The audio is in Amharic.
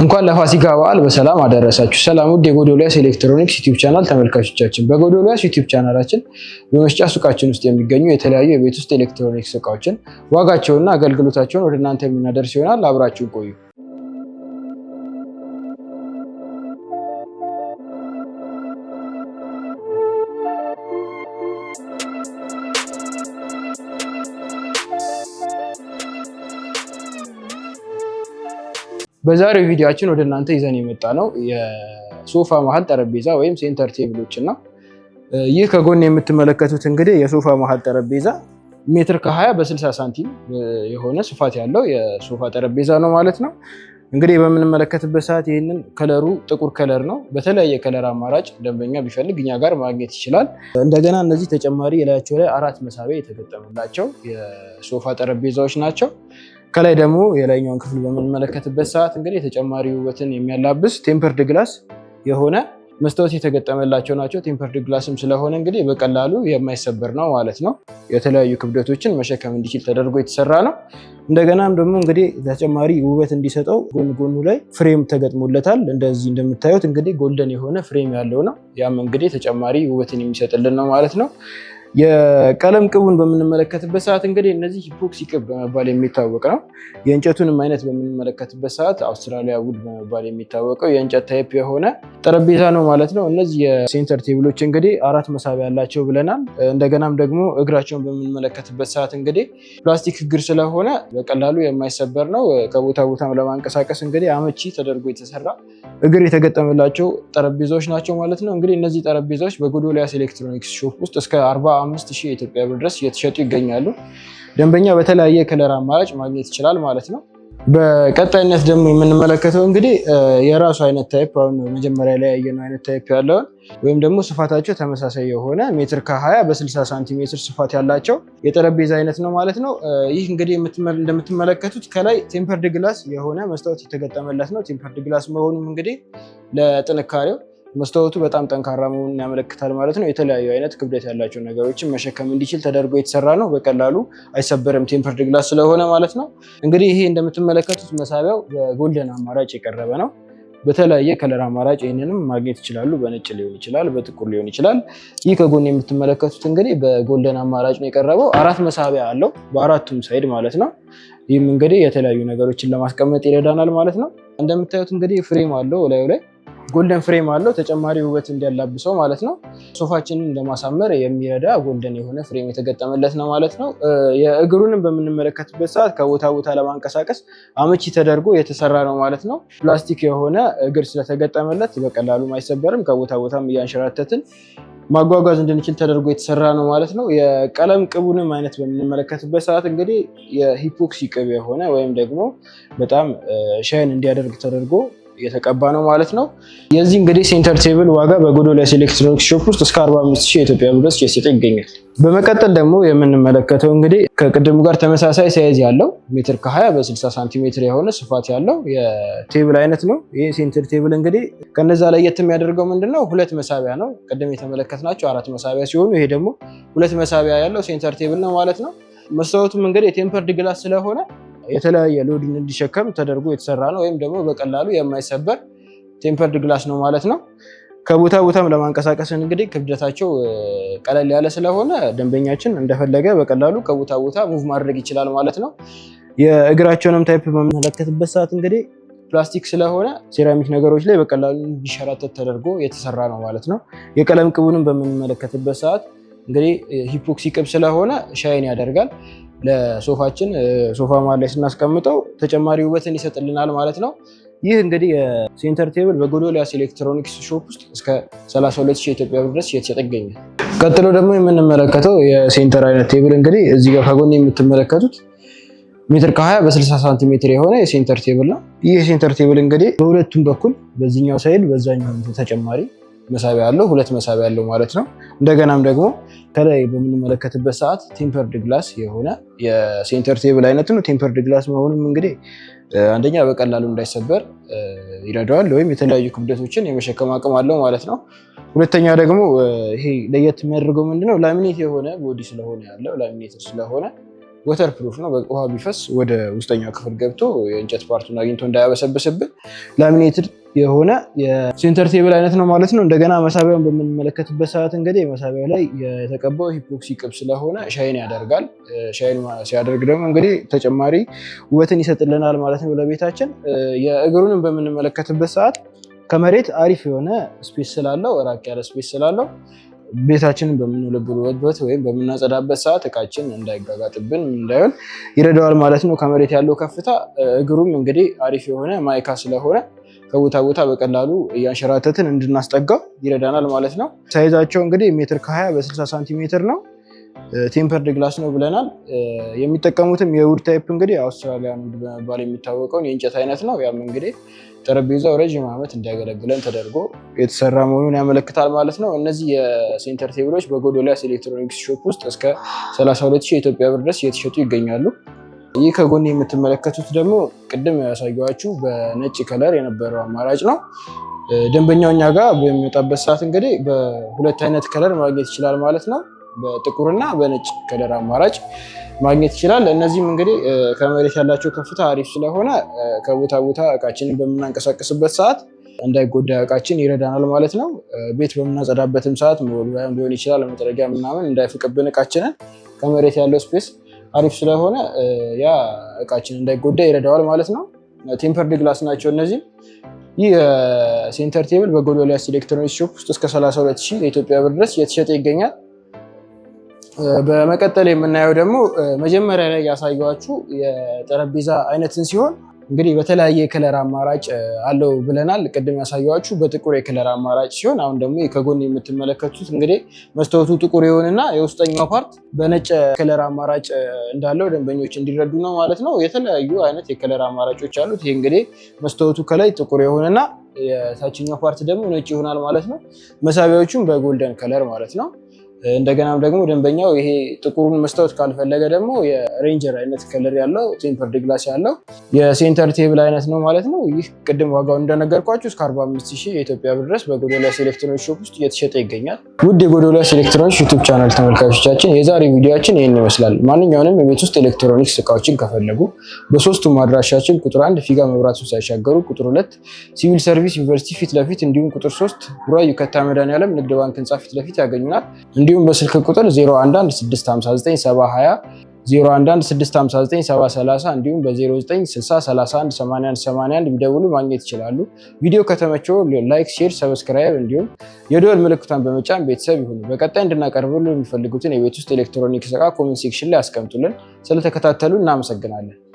እንኳን ለፋሲካ በዓል በሰላም አደረሳችሁ። ሰላም ውድ የጎዶልያስ ኤሌክትሮኒክስ ዩቲዩብ ቻናል ተመልካቾቻችን፣ በጎዶልያስ ዩቲዩብ ቻናላችን በመስጫ ሱቃችን ውስጥ የሚገኙ የተለያዩ የቤት ውስጥ ኤሌክትሮኒክስ እቃዎችን ዋጋቸውንና አገልግሎታቸውን ወደ እናንተ የምናደርስ ይሆናል። አብራችሁ ቆዩ። በዛሬው ቪዲዮችን ወደ እናንተ ይዘን የመጣ ነው የሶፋ መሀል ጠረጴዛ ወይም ሴንተር ቴብሎች እና ይህ ከጎን የምትመለከቱት እንግዲህ የሶፋ መሀል ጠረጴዛ ሜትር ከ20 በ60 ሳንቲም የሆነ ስፋት ያለው የሶፋ ጠረጴዛ ነው ማለት ነው። እንግዲህ በምንመለከትበት ሰዓት ይህንን ከለሩ ጥቁር ከለር ነው። በተለያየ ከለር አማራጭ ደንበኛ ቢፈልግ እኛ ጋር ማግኘት ይችላል። እንደገና እነዚህ ተጨማሪ የላያቸው ላይ አራት መሳቢያ የተገጠመላቸው የሶፋ ጠረጴዛዎች ናቸው። ከላይ ደግሞ የላይኛውን ክፍል በምንመለከትበት ሰዓት እንግዲህ የተጨማሪ ውበትን የሚያላብስ ቴምፐርድ ግላስ የሆነ መስታወት የተገጠመላቸው ናቸው። ቴምፐርድ ግላስም ስለሆነ እንግዲህ በቀላሉ የማይሰበር ነው ማለት ነው። የተለያዩ ክብደቶችን መሸከም እንዲችል ተደርጎ የተሰራ ነው። እንደገናም ደግሞ እንግዲህ ተጨማሪ ውበት እንዲሰጠው ጎን ጎኑ ላይ ፍሬም ተገጥሞለታል። እንደዚህ እንደምታዩት እንግዲህ ጎልደን የሆነ ፍሬም ያለው ነው። ያም እንግዲህ ተጨማሪ ውበትን የሚሰጥልን ነው ማለት ነው። የቀለም ቅቡን በምንመለከትበት ሰዓት እንግዲህ እነዚህ ሂፖክሲ ቅብ በመባል የሚታወቅ ነው። የእንጨቱንም አይነት በምንመለከትበት ሰዓት አውስትራሊያ ውድ በመባል የሚታወቀው የእንጨት ታይፕ የሆነ ጠረጴዛ ነው ማለት ነው። እነዚህ የሴንተር ቴብሎች እንግዲህ አራት መሳቢያ ያላቸው ብለናል። እንደገናም ደግሞ እግራቸውን በምንመለከትበት ሰዓት እንግዲህ ፕላስቲክ እግር ስለሆነ በቀላሉ የማይሰበር ነው። ከቦታ ቦታም ለማንቀሳቀስ እንግዲህ አመቺ ተደርጎ የተሰራ እግር የተገጠመላቸው ጠረጴዛዎች ናቸው ማለት ነው። እንግዲህ እነዚህ ጠረጴዛዎች በጎዶሊያስ ኤሌክትሮኒክስ ሾፕ ውስጥ እስከ አርባ አምስት ሺህ የኢትዮጵያ ብር ድረስ እየተሸጡ ይገኛሉ። ደንበኛ በተለያየ ከለር አማራጭ ማግኘት ይችላል ማለት ነው። በቀጣይነት ደግሞ የምንመለከተው እንግዲህ የራሱ አይነት ታይፕ አሁን መጀመሪያ ላይ ያየነው አይነት ታይፕ ያለውን ወይም ደግሞ ስፋታቸው ተመሳሳይ የሆነ ሜትር ከ20 በ60 ሳንቲሜትር ስፋት ያላቸው የጠረጴዛ አይነት ነው ማለት ነው። ይህ እንግዲህ እንደምትመለከቱት ከላይ ቴምፐርድ ግላስ የሆነ መስታወት የተገጠመለት ነው። ቴምፐርድ ግላስ መሆኑም እንግዲህ ለጥንካሬው መስታወቱ በጣም ጠንካራ መሆኑን ያመለክታል ማለት ነው። የተለያዩ አይነት ክብደት ያላቸው ነገሮችን መሸከም እንዲችል ተደርጎ የተሰራ ነው። በቀላሉ አይሰበርም፣ ቴምፐርድ ግላስ ስለሆነ ማለት ነው። እንግዲህ ይሄ እንደምትመለከቱት መሳቢያው በጎልደን አማራጭ የቀረበ ነው። በተለያየ ከለር አማራጭ ይህንንም ማግኘት ይችላሉ። በነጭ ሊሆን ይችላል፣ በጥቁር ሊሆን ይችላል። ይህ ከጎን የምትመለከቱት እንግዲህ በጎልደን አማራጭ ነው የቀረበው። አራት መሳቢያ አለው በአራቱም ሳይድ ማለት ነው። ይህም እንግዲህ የተለያዩ ነገሮችን ለማስቀመጥ ይረዳናል ማለት ነው። እንደምታዩት እንግዲህ ፍሬም አለው ላዩ ላይ ጎልደን ፍሬም አለው ተጨማሪ ውበት እንዲያላብሰው ማለት ነው። ሶፋችንን ለማሳመር የሚረዳ ጎልደን የሆነ ፍሬም የተገጠመለት ነው ማለት ነው። የእግሩንም በምንመለከትበት ሰዓት ከቦታ ቦታ ለማንቀሳቀስ አመቺ ተደርጎ የተሰራ ነው ማለት ነው። ፕላስቲክ የሆነ እግር ስለተገጠመለት በቀላሉ አይሰበርም። ከቦታ ቦታም እያንሸራተትን ማጓጓዝ እንድንችል ተደርጎ የተሰራ ነው ማለት ነው። የቀለም ቅቡንም አይነት በምንመለከትበት ሰዓት እንግዲህ የሂፖክሲ ቅብ የሆነ ወይም ደግሞ በጣም ሻይን እንዲያደርግ ተደርጎ እየተቀባ ነው ማለት ነው። የዚህ እንግዲህ ሴንተር ቴብል ዋጋ በጎዶልያስ ኤሌክትሮኒክስ ሾፕ ውስጥ እስከ ሺህ የኢትዮጵያ ብር ድረስ ይገኛል። በመቀጠል ደግሞ የምንመለከተው እንግዲህ ከቅድሙ ጋር ተመሳሳይ ሳይዝ ያለው ሜትር ከ20 በ60 ሳንቲሜትር የሆነ ስፋት ያለው የቴብል አይነት ነው። ይህ ሴንተር ቴብል እንግዲህ ከነዛ ለየት የሚያደርገው ምንድነው? ሁለት መሳቢያ ነው። ቅድም የተመለከትናቸው አራት መሳቢያ ሲሆኑ ይሄ ደግሞ ሁለት መሳቢያ ያለው ሴንተር ቴብል ነው ማለት ነው። መስታወቱም እንግዲህ የቴምፐርድ ግላስ ስለሆነ የተለያየ ሎድን እንዲሸከም ተደርጎ የተሰራ ነው። ወይም ደግሞ በቀላሉ የማይሰበር ቴምፐርድ ግላስ ነው ማለት ነው። ከቦታ ቦታም ለማንቀሳቀስ እንግዲህ ክብደታቸው ቀለል ያለ ስለሆነ ደንበኛችን እንደፈለገ በቀላሉ ከቦታ ቦታ ሙቭ ማድረግ ይችላል ማለት ነው። የእግራቸውንም ታይፕ በምንመለከትበት ሰዓት እንግዲህ ፕላስቲክ ስለሆነ ሴራሚክ ነገሮች ላይ በቀላሉ እንዲሸራተት ተደርጎ የተሰራ ነው ማለት ነው። የቀለም ቅቡንም በምንመለከትበት ሰዓት እንግዲህ ሂፖክሲ ቅብ ስለሆነ ሻይን ያደርጋል ለሶፋችን ሶፋ ማለት ላይ ስናስቀምጠው ተጨማሪ ውበትን ይሰጥልናል ማለት ነው። ይህ እንግዲህ የሴንተር ቴብል በጎዶልያስ ኤሌክትሮኒክስ ሾፕ ውስጥ እስከ 32 ሺህ ኢትዮጵያ ብር ድረስ እየተሸጠ ይገኛል። ቀጥሎ ደግሞ የምንመለከተው የሴንተር አይነት ቴብል እንግዲህ እዚህ ጋር ከጎን የምትመለከቱት ሜትር ከ20 በ60 ሳንቲሜትር የሆነ የሴንተር ቴብል ነው። ይህ የሴንተር ቴብል እንግዲህ በሁለቱም በኩል በዚኛው ሳይድ በዛኛው ተጨማሪ መሳቢያ አለው፣ ሁለት መሳቢያ አለው ማለት ነው። እንደገናም ደግሞ ከላይ በምንመለከትበት ሰዓት ቴምፐርድ ግላስ የሆነ የሴንተር ቴብል አይነት ነው። ቴምፐርድ ግላስ መሆኑም እንግዲህ አንደኛ በቀላሉ እንዳይሰበር ይረዳዋል፣ ወይም የተለያዩ ክብደቶችን የመሸከም አቅም አለው ማለት ነው። ሁለተኛ ደግሞ ይሄ ለየት የሚያደርገው ምንድነው ላሚኔት የሆነ ቦዲ ስለሆነ ያለው ላሚኔት ስለሆነ ወተር ፕሩፍ ነው። ውሃ ቢፈስ ወደ ውስጠኛው ክፍል ገብቶ የእንጨት ፓርቱን አግኝቶ እንዳያበሰብስብን ላሚኔትድ የሆነ የሴንተር ቴብል አይነት ነው ማለት ነው። እንደገና መሳቢያውን በምንመለከትበት ሰዓት እንግዲህ መሳቢያው ላይ የተቀባው ሂፖክሲ ቅብ ስለሆነ ሻይን ያደርጋል። ሻይን ሲያደርግ ደግሞ እንግዲህ ተጨማሪ ውበትን ይሰጥልናል ማለት ነው ለቤታችን። የእግሩንም በምንመለከትበት ሰዓት ከመሬት አሪፍ የሆነ ስፔስ ስላለው ራቅ ያለ ስፔስ ስላለው ቤታችንን በምንለብበት ወይም በምናጸዳበት ሰዓት እቃችን እንዳይጋጋጥብን እንዳይሆን ይረዳዋል ማለት ነው። ከመሬት ያለው ከፍታ እግሩም እንግዲህ አሪፍ የሆነ ማይካ ስለሆነ ከቦታ ቦታ በቀላሉ እያንሸራተትን እንድናስጠጋው ይረዳናል ማለት ነው። ሳይዛቸው እንግዲህ ሜትር ከ20 በ60 ሳንቲሜትር ነው። ቴምፐርድ ግላስ ነው ብለናል። የሚጠቀሙትም የውድ ታይፕ እንግዲህ አውስትራሊያን ውድ በመባል የሚታወቀውን የእንጨት አይነት ነው። ያም እንግዲህ ጠረጴዛው ረዥም ዓመት እንዲያገለግለን ተደርጎ የተሰራ መሆኑን ያመለክታል ማለት ነው። እነዚህ የሴንተር ቴብሎች በጎዶልያስ ኤሌክትሮኒክስ ሾፕ ውስጥ እስከ 32 የኢትዮጵያ ብር ድረስ እየተሸጡ ይገኛሉ። ይህ ከጎን የምትመለከቱት ደግሞ ቅድም ያሳየኋችሁ በነጭ ከለር የነበረው አማራጭ ነው። ደንበኛው እኛ ጋር በሚመጣበት ሰዓት እንግዲህ በሁለት አይነት ከለር ማግኘት ይችላል ማለት ነው። በጥቁርና በነጭ ከለር አማራጭ ማግኘት ይችላል። እነዚህም እንግዲህ ከመሬት ያላቸው ከፍታ አሪፍ ስለሆነ ከቦታ ቦታ እቃችንን በምናንቀሳቀስበት ሰዓት እንዳይጎዳ እቃችን ይረዳናል ማለት ነው። ቤት በምናጸዳበትም ሰዓት መወልወያም ሊሆን ይችላል መጥረጊያ ምናምን እንዳይፍቅብን እቃችንን ከመሬት ያለው ስፔስ አሪፍ ስለሆነ ያ እቃችን እንዳይጎዳ ይረዳዋል ማለት ነው። ቴምፐርድ ግላስ ናቸው እነዚህም። ይህ ሴንተር ቴብል በጎዶልያስ ኤሌክትሮኒክስ ሾፕ ውስጥ እስከ 32 ሺህ የኢትዮጵያ ብር ድረስ እየተሸጠ ይገኛል። በመቀጠል የምናየው ደግሞ መጀመሪያ ላይ ያሳየኋችሁ የጠረጴዛ አይነትን ሲሆን እንግዲህ በተለያየ የክለር አማራጭ አለው ብለናል። ቅድም ያሳየኋችሁ በጥቁር የክለር አማራጭ ሲሆን አሁን ደግሞ ከጎን የምትመለከቱት እንግዲህ መስታወቱ ጥቁር የሆነና የውስጠኛው ፓርት በነጭ ክለር አማራጭ እንዳለው ደንበኞች እንዲረዱ ነው ማለት ነው። የተለያዩ አይነት የክለር አማራጮች አሉት። ይህ እንግዲህ መስታወቱ ከላይ ጥቁር የሆነና የታችኛው ፓርት ደግሞ ነጭ ይሆናል ማለት ነው። መሳቢያዎቹም በጎልደን ከለር ማለት ነው። እንደገናም ደግሞ ደንበኛው ይሄ ጥቁሩን መስታወት ካልፈለገ ደግሞ የሬንጀር አይነት ከለር ያለው ቴምፐርድ ግላስ ያለው የሴንተር ቴብል አይነት ነው ማለት ነው። ይህ ቅድም ዋጋውን እንደነገርኳችሁ እስከ 45 ሺህ የኢትዮጵያ ብር ድረስ በጎዶልያስ ኤሌክትሮኒክስ ሾፕ ውስጥ እየተሸጠ ይገኛል። ውድ የጎዶልያስ ኤሌክትሮኒክስ ዩቱብ ቻናል ተመልካቾቻችን የዛሬ ቪዲዮችን ይህን ይመስላል። ማንኛውንም የቤት ውስጥ ኤሌክትሮኒክስ እቃዎችን ከፈለጉ በሶስቱም አድራሻችን ቁጥር አንድ ፊጋ መብራት ሳይሻገሩ ቁጥር ሁለት ሲቪል ሰርቪስ ዩኒቨርሲቲ ፊት ለፊት እንዲሁም ቁጥር ሶስት ቡራዩ ከታ መድኃኔዓለም ንግድ ባንክ ህንፃ ፊት ለፊት ያገኙናል። እንዲሁም በስልክ ቁጥር 0116597020 እንዲሁም በ0960318181 ቢደውሉ ማግኘት ይችላሉ። ቪዲዮ ከተመቸው ላይክ፣ ሼር፣ ሰብስክራይብ እንዲሁም የደወል ምልክቷን በመጫን ቤተሰብ ይሁኑ። በቀጣይ እንድናቀርብሉ የሚፈልጉትን የቤት ውስጥ ኤሌክትሮኒክስ እቃ ኮሜንት ሴክሽን ላይ አስቀምጡልን። ስለተከታተሉ እናመሰግናለን።